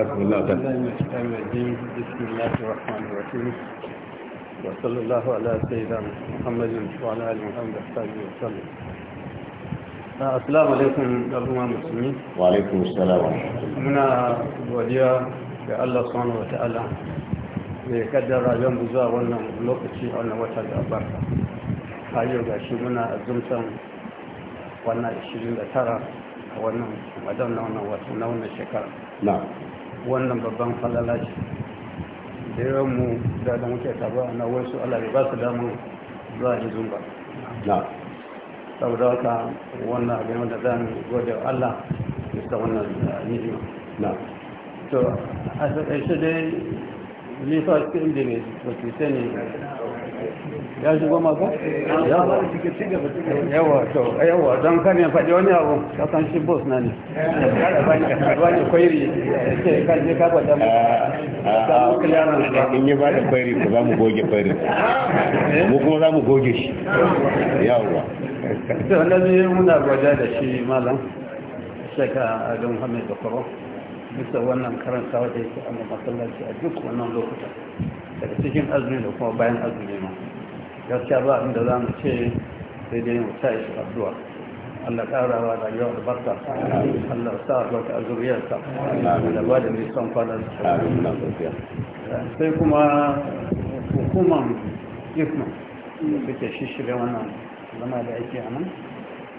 بسم الله الرحمن الرحيم وصلى الله على سيدنا godiya ga Allah subhanahu wataala da ya kaddara yan buza wannan lokaci wannan wata da barka a yau gashi muna azumtan wannan 29 a wannan madan na wannan wata na wannan shekara wannan babban falala ce da yawan mu da da muke taba na wasu Allah ya ba su damu zuwa ji zumba na saboda haka wannan abin da zan gode wa Allah bisa wannan eh, ni'ima na to a sai dai ni fa cikin da ne ba sani ya shigo maka? yawa to yawa don kan ya faɗi wani abu kasan shi boss na ne wani kwairi ce eh, kan je kafa da samu kliyaran ba in yi ba da kwairi ko za mu goge kwairi mu kuma za mu goge shi yawa to wanda zai muna gwada da shi malam shaka adam hamid da kwaro bisa wannan karanta wadda yake a masallaci a duk wannan lokuta daga cikin azumi da kuma bayan azumi ma gaskiya ba inda za mu ce sai dai mu sai shi addu'a Allah ƙara wa rayuwa da barka Allah sa albarka a zuriyarsa da ba da mai son fadar sai kuma hukumar ifma da suke shishire wannan zama da ake a nan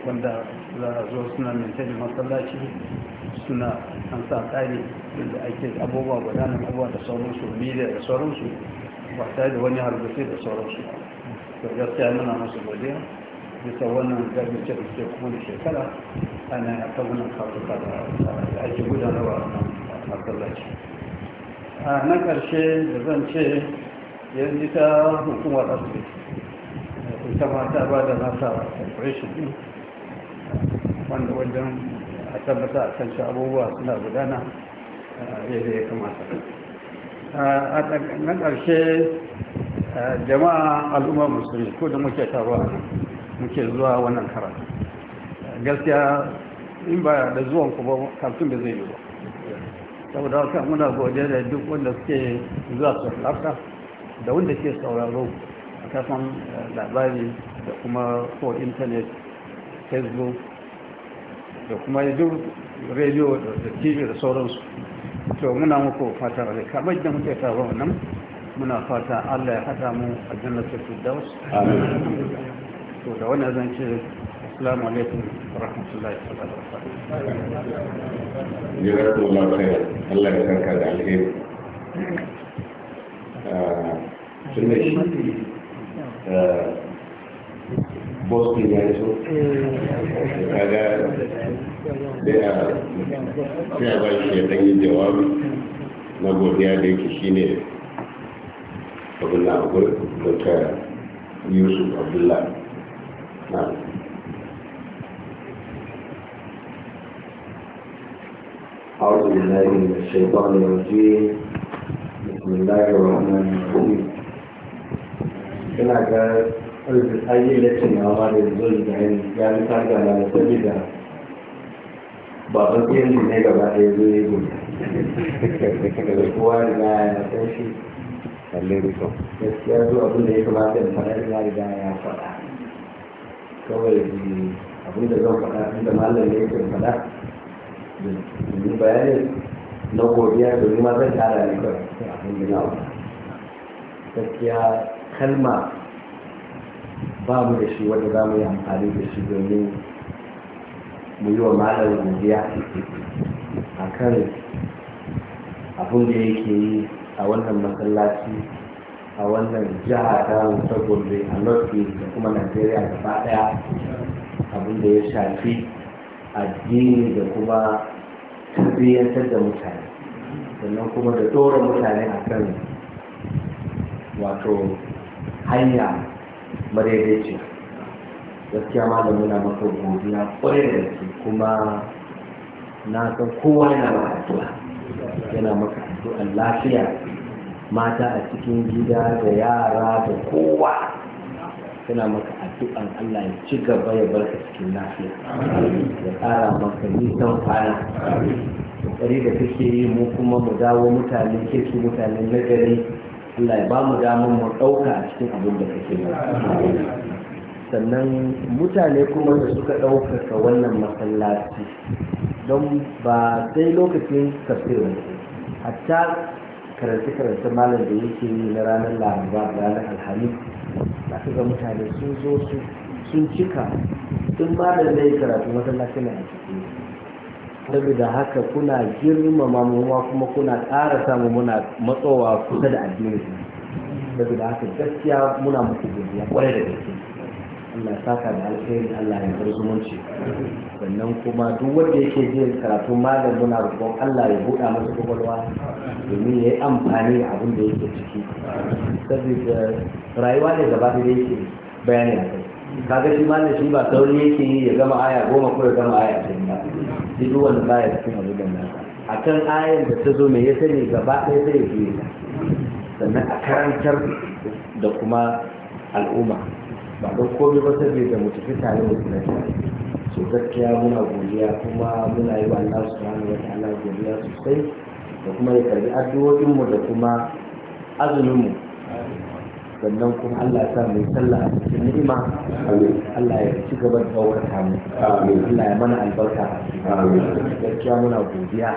wanda za a zo suna mintanin masallaci suna an sa tsari da ake abubuwa gudanar abubuwa da sauransu miliyar da sauransu ba tare da wani hargitsi da sauransu to gaskiya muna masu godiya bisa wannan garmace da ke kuma shekara ana ta wannan kafuka da ake gudanarwa a nan masallaci a na ƙarshe da zan ce yanzu ta hukumar asibiti ita ma ta ba da nasa corporation din wanda wajen a tabbata a kan shi abubuwa suna gudana yadda ya kamata a na ƙarshe jama'a al'ummar musulmi ko da muke taruwa muke zuwa wannan karatu gaskiya in ba da zuwan ku ba kafin da zai yi ba saboda haka muna godiya da duk wanda suke zuwa su halarta da wanda ke sauraro a kasan eh, labari da kuma ko intanet facebook da kuma duk radio, da tv da sauransu to muna muku fatar da kamar da muke taruwa nan muna fata Allah ya haɗa mu a jannatul firdaus to da wannan zan ce assalamu alaikum wa rahmatullahi wa barakatuh jazakumullahu khair Allah ya saka da alheri tunda ah, shi ah, Boston ya so kaga da ya sai a ba shi ya ɗanyi jawabi na godiya da yake shine abin na gurin yusuf abdullahi na أعوذ بالله من الشيطان الرجيم بسم الله الرحمن الرحيم ina ga ayyukan lakin na ma da yanzu da yin ya yi targa na da sabida ba ban tsayin ne gaba ɗaya zo ya zo da kowa da ya lalle da kyau abin da ya kamata da faɗa ina ya faɗa kawai abin da zan faɗa faɗa na godiya domin ma zan da kalma ba mu da shi wanda za yi amfani da shi domin mu yi wa malam a abin da yake yi a wannan masallaci a wannan jiha ta ta a north da kuma najeriya gaba daya abin da ya shafi addini da kuma tarbiyyantar da mutane sannan kuma da tsoro mutane a kan wato hanya madaidaici gaskiya ma da muna maka godiya kwarai da gaske kuma na san kowa yana maka addu'a yana maka addu'a lafiya mata a cikin gida da yara da kowa suna maka addu'an Allah ya ci gaba ya barka cikin lafiya ya ƙara maka nisan kwana kokari da kake yi mu kuma mu dawo mutane kirki mutane gari, Allah ya ba mu damar mu ɗauka a cikin abin da kake yi sannan mutane kuma da suka ɗaukaka wannan masallaci don ba sai lokacin tafsirin hatta karanci karance malam da yake yi na ranar laraba da ranar alhamis za su ga mutane sun zo su sun cika sun malam da yi karatu masallaci na a ciki saboda haka kuna girmama muwa kuma kuna ƙara samu muna matsowa kusa da addini saboda haka gaskiya muna gudu godiya kwarai da gaske Allah saka da alheri Allah ya bar zumunci sannan kuma duk wanda yake jin karatu malam muna roƙon Allah ya buɗa masa kwakwalwa domin ya yi amfani da abin da yake ciki saboda rayuwa ne gaba da yake bayani a kai kaga shi malam shi ba sauri yake yi ya gama aya goma ko ya gama aya ashirin ba shi duk wanda baya cikin abin da nasa a kan ayan da ta zo me ya sani gaba ɗaya zai yi sannan a karantar da kuma al'umma ba don komai ba saboda mu tafi tare da kuma so gaskiya muna godiya kuma muna yi wa Allah subhanahu wa ta'ala godiya sosai da kuma ya karbi addu'o'in mu da kuma azumin mu sannan kuma Allah ya sa mu sallah a cikin ni'ima Allah ya ci gaba da ɗaukaka mu Allah ya mana albarka gaskiya muna godiya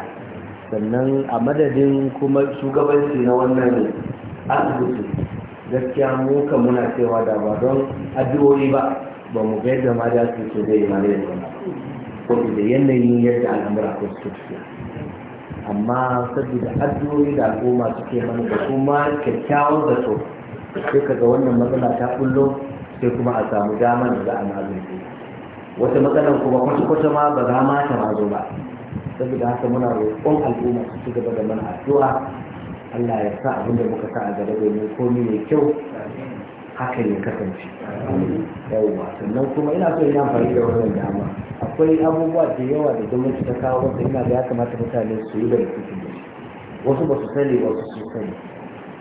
sannan a madadin kuma shugabanci na wannan asibiti gaskiya mu ka muna cewa da ba don addu'o'i ba ba mu ga yadda ma da su ce zai imani da ko da yanayin yadda al'amura ko su tafiya amma saboda addu'o'i da al'umma suke mana da kuma kyakkyawan zato sai ka ga wannan matsala ta kullo sai kuma a samu dama da za a magance wata matsala kuma kwata-kwata ma ba za ma ta ba saboda haka muna roƙon al'umma su ci gaba da mana addu'a Allah ya sa abin da muka sa a gaba domin komi mai kyau haka ya kasance yawwa sannan kuma ina so ina amfani da wannan dama akwai abubuwa da yawa da gwamnati ta kawo wanda ina da ya kamata mutane su yi da rikicin da wasu ba su sani ba su sani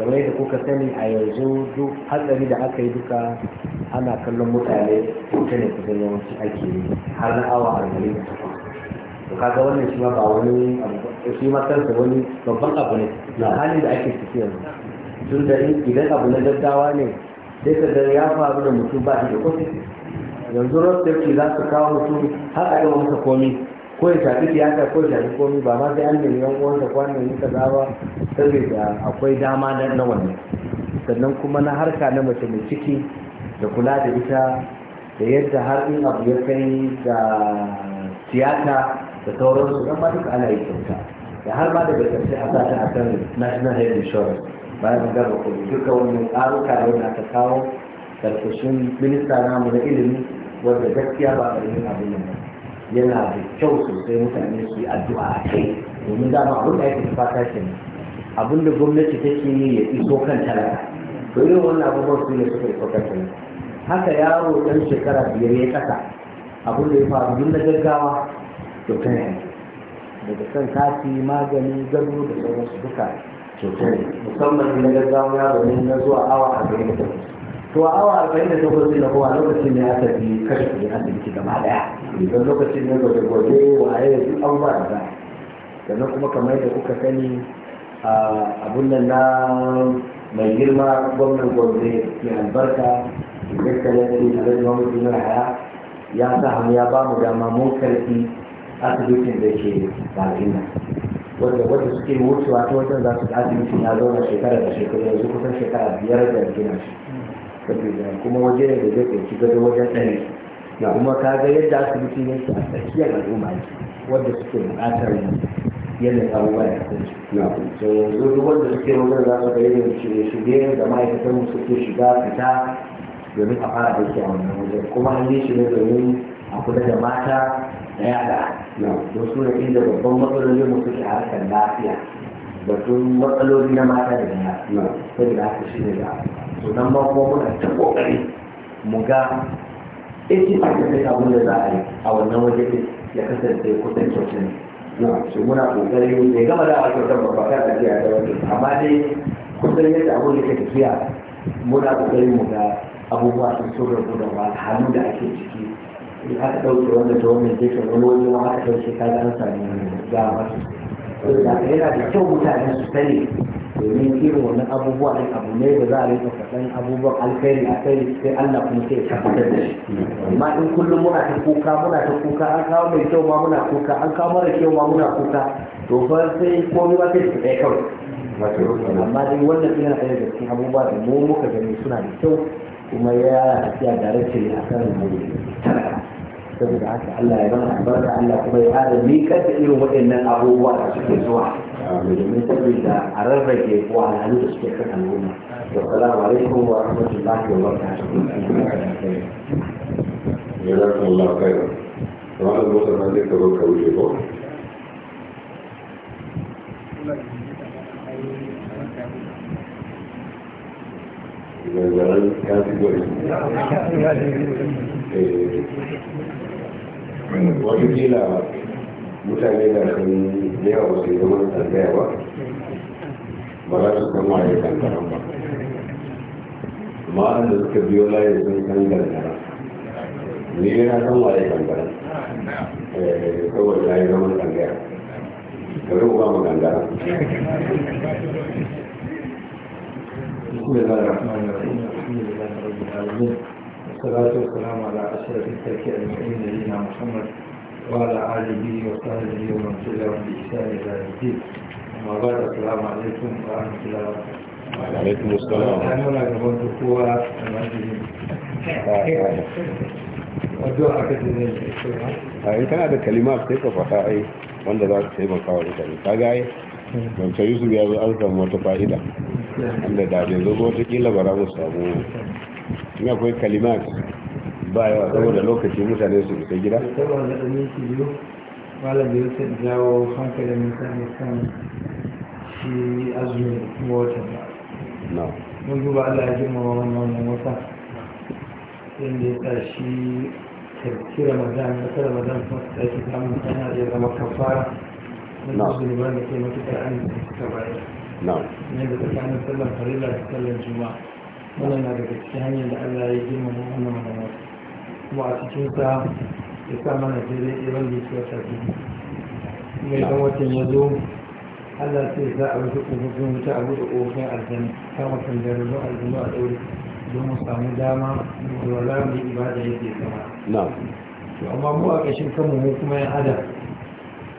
kamar yadda kuka sani a yanzu duk hatsari da aka yi duka ana kallon mutane ta ne kusan yawanci ake yi har na awa arba'in da Ka kaga wannan shi ma ba wani abu shi ma kansa wani babban abu ne halin da ake ciki yanzu tun da idan abu na gaggawa ne sai ka ya faru da mutum ba shi da kofi yanzu rostarki za su kawo mutum har a yawan masa komi ko ya shafi siyasa ko ya shafi komi ba ma sai an nemi yan uwansa kwanan yi kaza ba saboda akwai dama na wannan sannan kuma na harka na mace mai ciki da kula da ita da yadda har in abu ya kai ga tiyata da sauransu don ma duka ana yi kyauta da har ma daga ƙarshe a sata a kan national health insurance bayan mun gaba kuɗi duka wani karuka da wani aka kawo karkashin minista namu na ilimi wanda gaskiya ba ƙarfin abin nan yana da kyau sosai mutane su yi addu'a a kai domin dama abin da yake fata shi ne abin da gwamnati take yi ya iso kan talaka to irin wannan abubuwan su ne suka iso kan talaka haka yaro ɗan shekara biyar ya ƙasa abin da ya faru duk na gaggawa to kan yanki daga kan kafi magani gado da su duka cutar musamman na gaggawa yaro ne na zuwa awa arba'in da to a awa arba'in da takwas ne kuma lokacin ne aka bi kashe a asibiti gaba daya Idan lokacin ne gwaje-gwaje waye duk an ba da sannan kuma kamar da kuka sani abun nan na mai girma gwamnan gombe mai albarka da kakkalin da ya ce a rajin wani ya sa hannu ya ba mu dama mun karfi asibitin da ke bakin nan wadda suke wucewa ta wajen za su ga asibitin ya da shekara da shekara yanzu kusan shekara biyar da gina shi saboda kuma waje ne da zai ɗauki gado wajen ɗari kuma ka ga yadda ne yake a tsakiyar al'umma wadda suke buƙatar yadda ruwa ya kasance. So yanzu duk wanda suke wajen za su shi ne shirye ne da ma'aikatan suke shiga fita domin a fara aiki a wannan wajen kuma an yi shi ne domin a kula da mata na yara don su inda babban matsalolin mu suke harkar lafiya batun matsaloli na mata da yara saboda haka shi ne da to nan ma kuma muna ta kokari mu ga ake kasance abin da za a yi a wannan waje ya kasance kusan kyautu su muna kokari da ya gama da a kyautar babbakar da ke a amma dai kusan yadda abin da ke tafiya muna kokari mu ga abubuwa sun so da gudanwa hannu da ake ciki in aka ɗauke wanda ta wannan jikin wani wani ma aka ɗauke ka ga an sami ga wasu to da yana da kyau mutane su sani domin irin wannan abubuwa ɗin abu ne da za a rinka faɗan abubuwan alkhairi a kai sai Allah kuma sai ya tabbatar da shi amma in kullum muna ta kuka muna ta kuka an kawo mai kyau ma muna kuka an kawo mara kyau ma muna kuka to fa sai komai ba sai su ɗaya kawai amma dai wannan ina yana ɗaya daga cikin abubuwa da mu muka gani suna da kyau kuma ya tafiya da rashin akan mu talaka saboda haka Allah ya mana albarka Allah kuma ya ƙara miƙar da irin waɗannan abubuwa da suke zuwa domin saboda a rarrage ko alhalu da suke kan al'umma da salamu alaikum wa rahmatullahi wa barakatuhu jazakum Allah khairan kamar da mutum na zai karo ka wuce ko Gracias. watakila mutane da kan yawa wasu yi zama tambaya ba ba za su kama ya kankaran ba amma da suka biyo layin sun kan gangara ni yana kan waye gangara kawai eh, ya zama tambaya ba mu gangara بسم الله والصلاه والسلام على اشرف التركيع المسلمين نبينا محمد وعلى اله وصحبه ومن تبعهم باحسان الى الدين اما بعد السلام عليكم ورحمه الله وبركاته وعليكم السلام ai tana da kalima sai ka faɗa ai wanda za ka taimaka wa mutane ka ga ai yusuf ya zo an samu wata fa'ida wanda da bai zo wata kila ba za mu samu in akwai kalimat ba yawa saboda lokaci mutane su fita gida malam yusuf jawo hankalin mutane kan shi azumin kuma wata ba mun duba allah ya girma wannan wata inda ya sa shi kirki ramadan wata ramadan kuma ta ta samun mutane ya zama kafara na azumi ba da ke matuƙar an yi ta bayar. na yadda tsakanin sallar farilla da sallar juma'a wannan na daga cikin hanyar da Allah ya yi mana wannan magana kuma a cikin sa ya sa mana daidai irin da yake wata biyu kuma idan watan ya zo Allah sai za a rufe ƙofofin wuta a buɗe ƙofofin aljanu kan watan da rubin aljanu a ɗaure don mu samu dama da wala mu ibada yake sama to amma mu a ƙashin kanmu mu kuma yan adam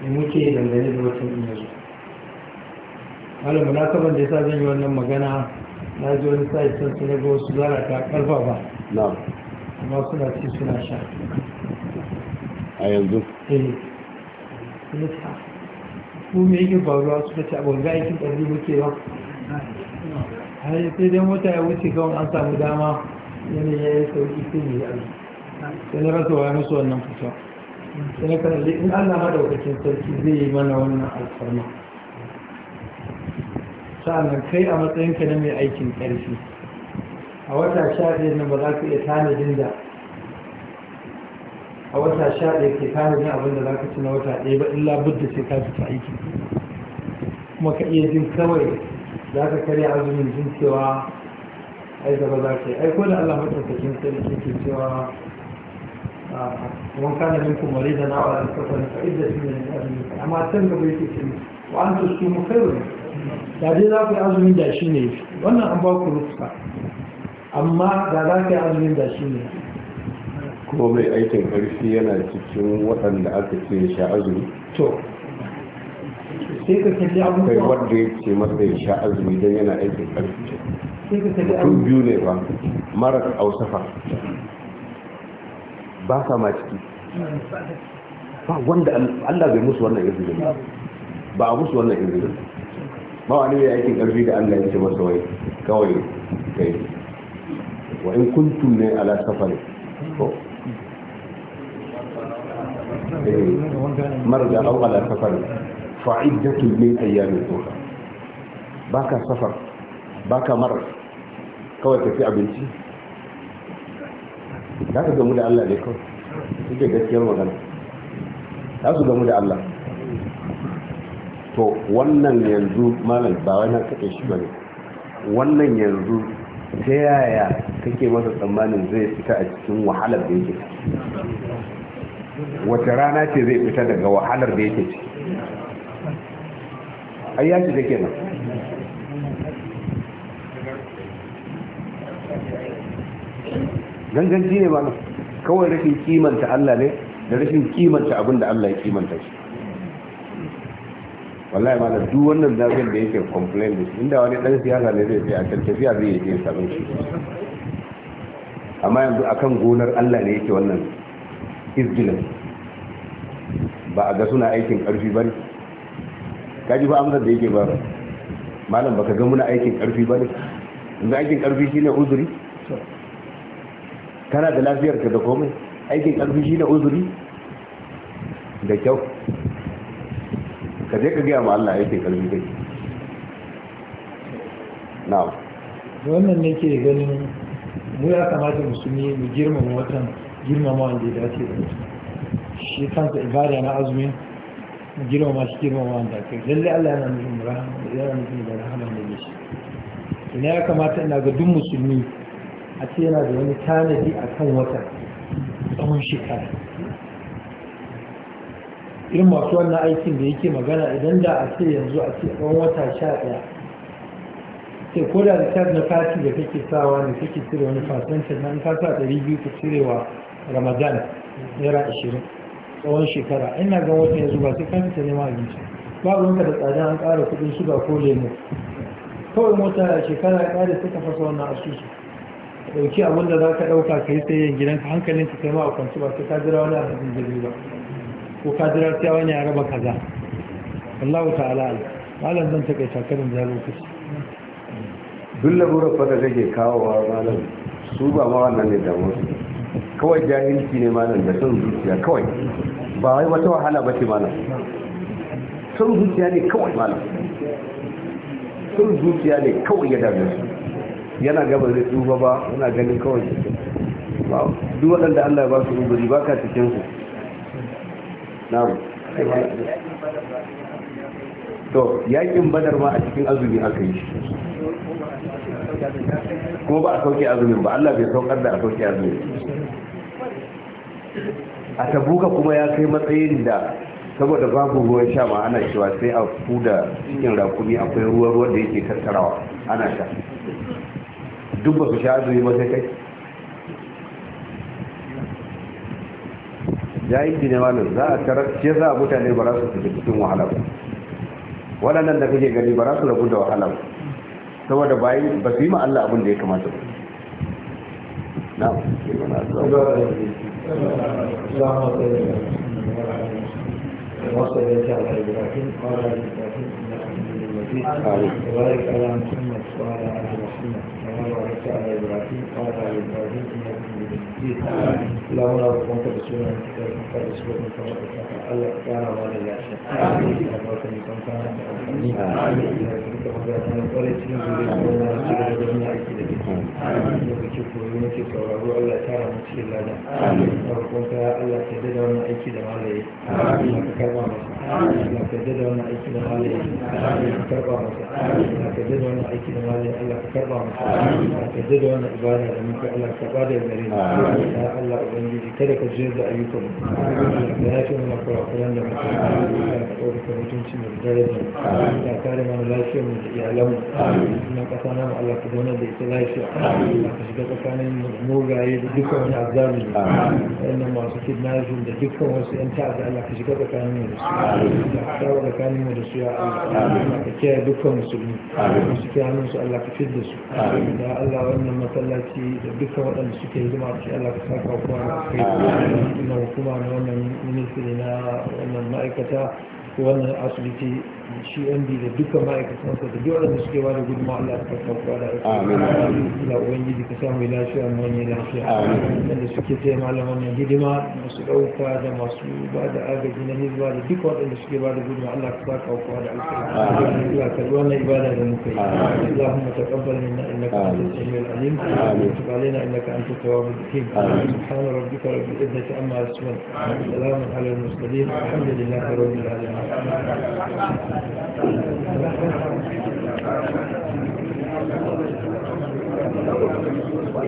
ne muke dangane da watan in ya zo na munasaban da yasa zan yi wannan magana na ji wani sai sun su na wasu lalata karfa ba amma suna ci suna sha a yanzu eh suna ta ko yake faruwa suka ce abin ga aikin ƙarfi muke ba har sai dai mota ya wuce kawai an samu dama yanayi ya yi sauƙi sai ne ya sai na rasa wa musu wannan fito sai na kanan in allah madaukakin sarki zai yi mana wannan alfarma sa'annan kai a matsayinka na mai aikin ƙarfi a wata sha ɗaya nan ba za ka iya tanadin da a wata sha ɗaya ke tanadin abin da za ka ci na wata ɗaya ba illa budda sai ka fita aiki kuma ka iya jin kawai za ka karya azumin jin cewa ai gaba za ka yi ai ko da allah sai da ke cewa wanka na da ومن كان منكم مريضا amma على الكفر فعدة من الأبناء أما تنقى بيتكم mu kai wani da za ku yi azumi da shi ne wannan an ba ku rufuka amma da za ku yi azumin da shi ne kuma mai aikin ƙarfi yana cikin waɗanda aka ce sha azumi to sai ka kalli abubuwa kai wadda ya ce masa ya sha azumi don yana aikin ƙarfi sai ka kalli abubuwa biyu ne ba mara ausafa ba sa ma ciki ba wanda Allah bai musu wannan izinin ba a musu wannan izinin ba wani mai aikin karfi da Allah ya ce masa wai kawai kai wa in kuntum ne ala safari ko eh, marda aw ala safari fa iddatu min ayyamin ukhra baka safar baka mar kawai tafi abinci za ka gamu da Allah ne kawai suke gaskiyar magana za su gamu da Allah to wannan yanzu malam ba wani kake shi ne. wannan yanzu ta yaya kake masa tsammanin zai fita a cikin wahalar da yake wace rana ce zai fita daga wahalar da yake ciki ai ya ke nan. ganganci ne ba kawai rashin kimanta Allah ne da rashin kimanta abin da Allah ya kimanta shi wallahi ma duk wannan zafin da yake complain din inda wani dan siyasa ne zai sai a can tafiya zai yi yin sabon shi amma yanzu akan gonar Allah ne yake wannan izgilan ba a ga suna aikin karfi ba ne kaji ba amsar da yake ba malam baka ga muna aikin karfi ba ne yanzu aikin karfi shine uzuri kana da lafiyar ka da komai aikin karfi shine uzuri da kyau ka je ka gaya ma Allah yake karfi kai na'am wannan ne ke ganin mu ya kamata musulmi mu girmama watan girmama wanda ya dace da mutum shi kansa ibada na Azumi mu girmama shi girmama wanda kai lalle Allah yana nufin rahama yana nufin da rahama ne shi ina ya kamata ina ga duk musulmi a ce yana da wani tanadi akan wata tsawon shekara irin masu wannan aikin da yake magana idan da a ce yanzu a ce tsawon wata sha ɗaya sai ko da recharge na kati da kake sawa ne kake cire wani fasancin na ka sa ɗari biyu ka wa ramadan naira ashirin tsawon shekara ina ga wata yanzu ba sai ka ta neman abinci babu wanka da tsada an ƙara kuɗin shiga ko lemu. kawai mota shekara ya ƙara suka fasa wannan asusu ɗauki abin da za ka ɗauka ka yi sayayyan hankalin hankalinka kai ma a kwanci ba sai ka jira wani abin da ba ko kadirar ta wani ya raba kaza Allah ta'ala malam zan take shakarin da lokaci duk larurar fada da ke kawo wa malam su ba ma wannan ne damu kawai jahilci ne malam da son zuciya kawai ba wai wata wahala ba ce malam son zuciya ne kawai malam son zuciya ne kawai ya dame su yana gaba zai tsufa ba yana ganin kawai duk waɗanda Allah ya ba su rubuci ba ka cikin su to yakin badar ma a cikin azumi aka yi ko ba a sauke azumin ba Allah bai saukar da a sauke azumin a tabuka kuma ya kai matsayin da saboda babu ruwan sha ma ana cewa sai a fuda cikin rakumi akwai ruwa ruwa da yake tattarawa ana sha duk ba su sha azumi ba sai kai yayi ne malam za a tarar yasa mutane ba za su fita cikin wahala ba waɗannan da kake gani ba za su rabu da wahala ba saboda bayi ba su yi ma Allah abin da ya kamata ba na Allah ya da aiki da Allah ka jaddada wannan aiki da wani Allah ka karba masa Allah ka jaddada wannan aiki da wani Allah ka karba masa Allah ka jaddada wannan ibada da muke Allah ka ba da gare mu ya Allah ubangiji kada ka jiyar da ayyukan mu Allah ka yafe mana kurakuran da muke Allah ka tsoro ka mutunci mu da daraja Allah ka kare mana lafiyar mu da iyalan mu na kasa na mu Allah ka zauna da ita lafiya Allah ka shiga tsakanin mu da mugaye da dukkan wani azzalumi wannan masu kidnapping da dukkan wasu 'yan ta'adda Allah ka shiga tsakanin mu da su kawo tsakanin mu da su ya Allah ka kiyaye dukkan musulmi suke hannun su Allah ka fidda su da Allah wannan masallaci da duka waɗanda suke hidima a Allah ka saka kuma a na ina hukuma na wannan ministry na wannan ma'aikata sai wannan asibiti shi md da duka ma'aikatansa da duk wanda suke wani gudun Allah ta farko da aiki da ubangiji ka samu lafiya manye lafiya wanda suke taya malaman nan hidima masu ɗauka da masu ba da agaji na hizba da duka waɗanda suke ba da gudun Allah ka sa kawo da aiki Allah ka zuwa na ibada da muka yi Allahumma taqabbal minna innaka antas samiul alim wa tub alaina innaka antat tawwabur rahim subhana rabbika rabbil izzati amma yasifun salamun alal mursalin alhamdulillahi rabbil alamin Thank you.